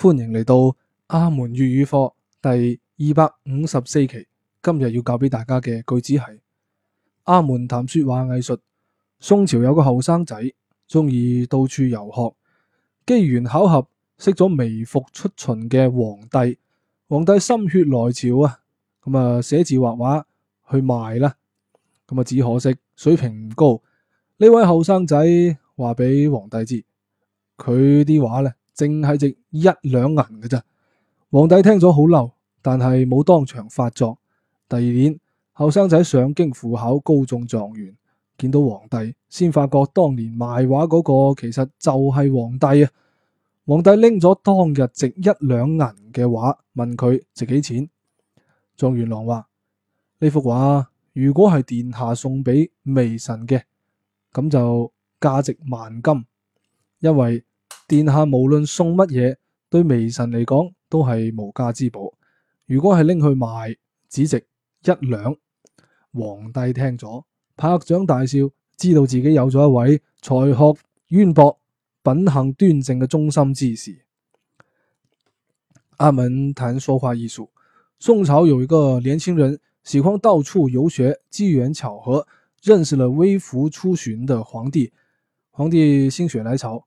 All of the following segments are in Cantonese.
歡迎嚟到阿門粵語課第二百五十四期。今日要教俾大家嘅句子係：阿門談說話藝術。宋朝有個後生仔，鍾意到處遊學，機緣巧合識咗微服出巡嘅皇帝。皇帝心血來潮啊，咁啊寫字畫畫去賣啦。咁啊只可惜水平唔高。呢位後生仔話俾皇帝知，佢啲畫咧。淨係值一兩銀嘅咋，皇帝聽咗好嬲，但係冇當場發作。第二年，後生仔上京赴考，高中狀元，見到皇帝，先發覺當年賣畫嗰個其實就係皇帝啊！皇帝拎咗當日值一兩銀嘅畫，問佢值幾錢？狀元郎話：呢幅畫如果係殿下送俾微臣嘅，咁就價值萬金，因為，殿下無論送乜嘢，對微臣嚟講都係無價之寶。如果係拎去賣，只值一兩。皇帝聽咗，拍掌大笑，知道自己有咗一位才學淵博、品行端正嘅忠心之士。阿門談說話藝術。宋朝有一個年輕人喜歡到處遊學，機緣巧合認識了微服出巡的皇帝。皇帝心血來潮。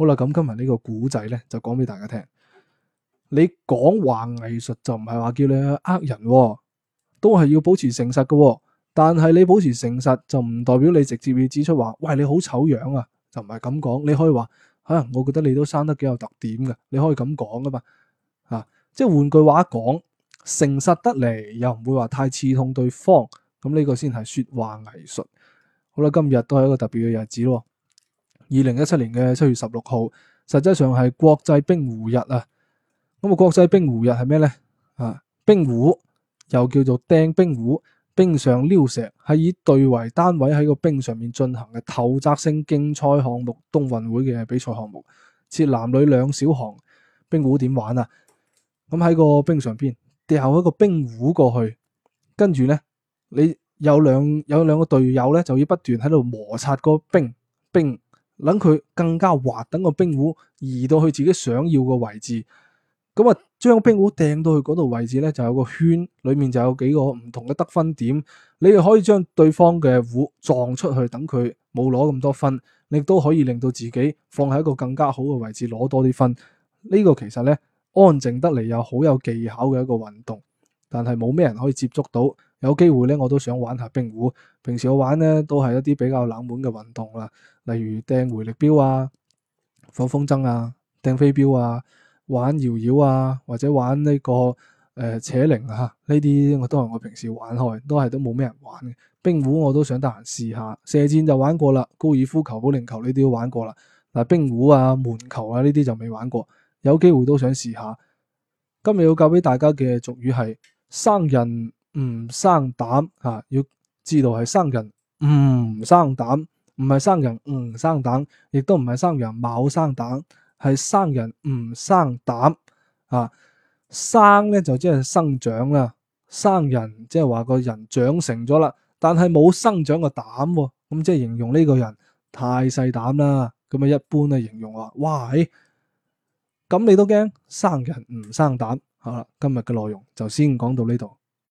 好啦，咁今日呢個古仔咧，就講俾大家聽。你講話藝術就唔係話叫你去呃人喎，都係要保持誠實噶喎。但係你保持誠實就唔代表你直接要指出話，喂，你好醜樣啊，就唔係咁講。你可以話吓、哎，我覺得你都生得幾有特點噶，你可以咁講噶嘛。吓、啊，即係換句話講，誠實得嚟又唔會話太刺痛對方。咁呢個先係說話藝術。好啦，今日都係一個特別嘅日子咯。二零一七年嘅七月十六號，實際上係國際冰壺日啊！咁啊，國際冰壺日係咩呢？啊，冰壺又叫做掟冰壺，冰上溜石係以隊為單位喺個冰上面進行嘅投擲性競賽項目，冬運會嘅比賽項目，設男女兩小項。冰壺點玩啊？咁喺個冰上邊，跌下一個冰壺過去，跟住呢，你有兩有兩個隊友呢，就要不斷喺度摩擦個冰冰。等佢更加滑，等個冰壺移到佢自己想要個位置，咁啊，將冰壺掟到去嗰度位置咧，就有個圈，裏面就有幾個唔同嘅得分點，你又可以將對方嘅壺撞出去，等佢冇攞咁多分，你都可以令到自己放喺一個更加好嘅位置攞多啲分。呢個其實咧安靜得嚟又好有技巧嘅一個運動，但係冇咩人可以接觸到。有機會咧，我都想玩下冰壺。平時我玩呢都係一啲比較冷門嘅運動啦，例如掟回力鏢啊、放風箏啊、掟飛鏢啊、玩搖搖啊，或者玩呢、這個誒、呃、扯鈴啊。呢啲，我都係我平時玩開，都係都冇咩人玩嘅。冰壺我都想得閒試下。射箭就玩過啦，高爾夫球、保齡球呢啲都玩過啦。嗱，冰壺啊、門球啊呢啲就未玩過，有機會都想試下。今日要教俾大家嘅俗語係生人唔生膽吓，要知道係生人唔、嗯、生膽，唔係生人唔、嗯、生膽，亦都唔係生人冇生膽，係生人唔、嗯、生膽啊！生咧就即係生長啦，生人即係話個人長成咗啦，但係冇生長個膽，咁即係形容呢個人太細膽啦。咁啊，一般啊，形容話，「喂」咁你都驚，生人唔、嗯、生膽。好、啊、啦，今日嘅內容就先講到呢度。